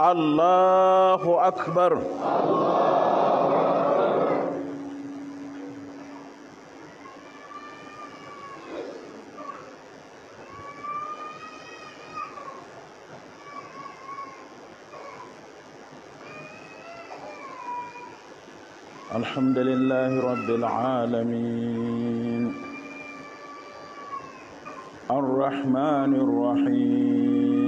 الله أكبر الحمد لله رب العالمين الرحمن الرحيم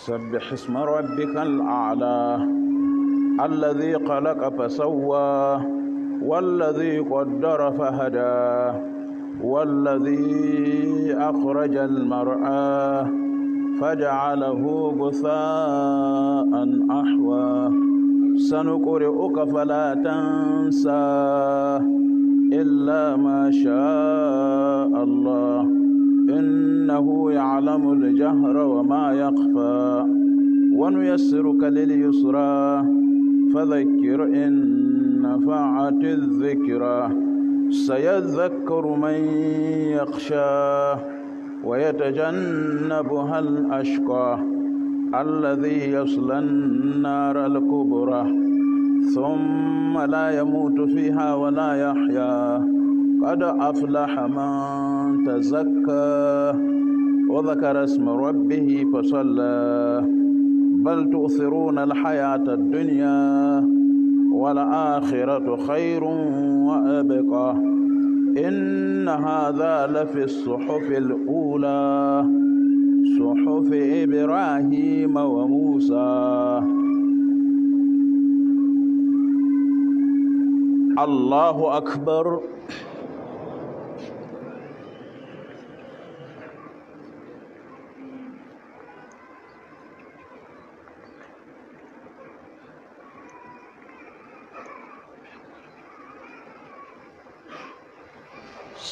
سبح اسم ربك الأعلى الذي خلق فسوى والذي قدر فهدى والذي أخرج المرعى فجعله غثاء أحوى سنقرئك فلا تنسى إلا ما شاء الله إنه يعلم الجهر وما يخفى ونيسرك لليسرى فذكر إن نفعت الذكرى سيذكر من يخشى ويتجنبها الأشقى الذي يصلى النار الكبرى ثم لا يموت فيها ولا يحيا قد أفلح من تزكى وذكر اسم ربه فصلى بل تؤثرون الحياة الدنيا والآخرة خير وأبقى إن هذا لفي الصحف الأولى صحف إبراهيم وموسى الله أكبر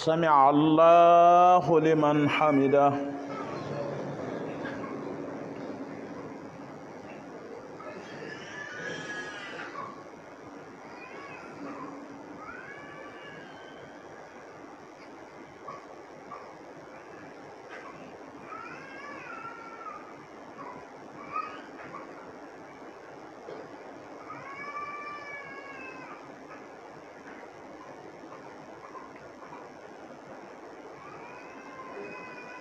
سمع الله لمن حمده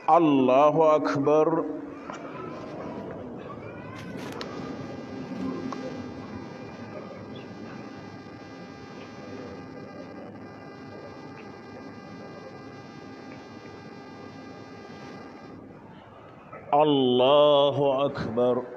الله أكبر الله أكبر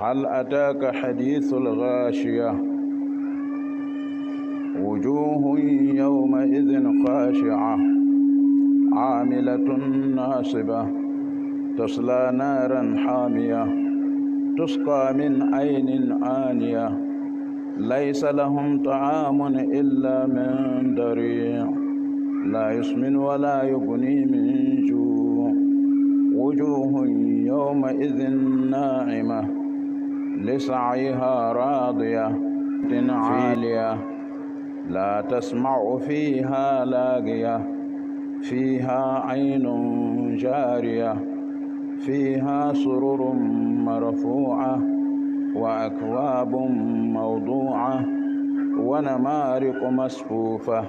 هل أتاك حديث الغاشية وجوه يومئذ خاشعة عاملة ناصبة تصلى نارا حامية تسقى من عين آنية ليس لهم طعام إلا من ضريع لا يسمن ولا يغني من جوع وجوه يومئذ ناعمه لسعيها راضية عالية لا تسمع فيها لاقية فيها عين جارية فيها سرر مرفوعة وأكواب موضوعة ونمارق مسفوفة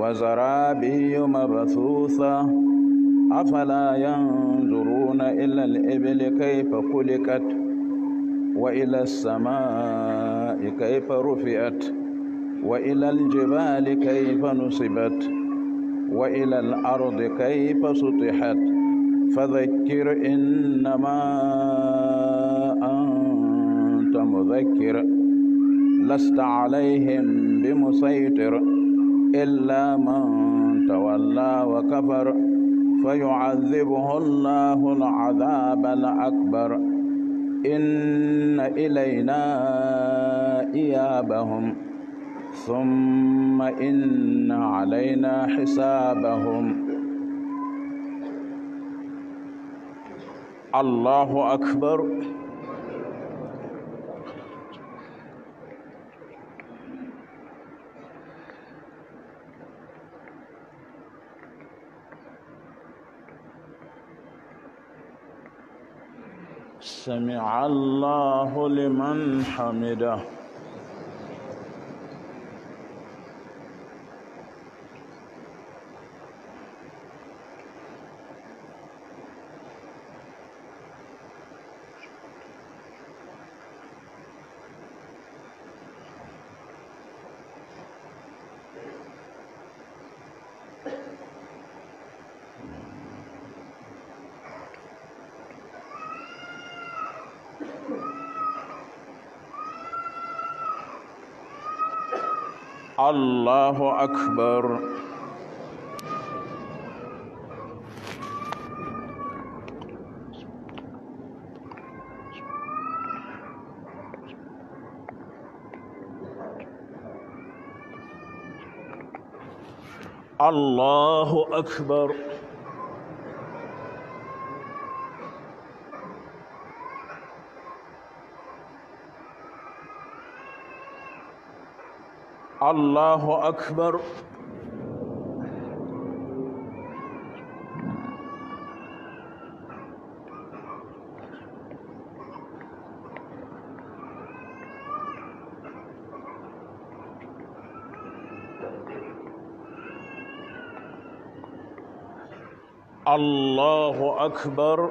وزرابي مبثوثة أفلا ينظرون إلى الإبل كيف خلقت وإلى السماء كيف رفعت وإلى الجبال كيف نصبت وإلى الأرض كيف سطحت فذكر إنما أنت مذكر لست عليهم بمسيطر إلا من تولى وكفر فيعذبه الله العذاب الأكبر إن إلينا إيابهم ثم إن علينا حسابهم الله أكبر سمع الله لمن حمده الله أكبر الله أكبر الله أكبر الله أكبر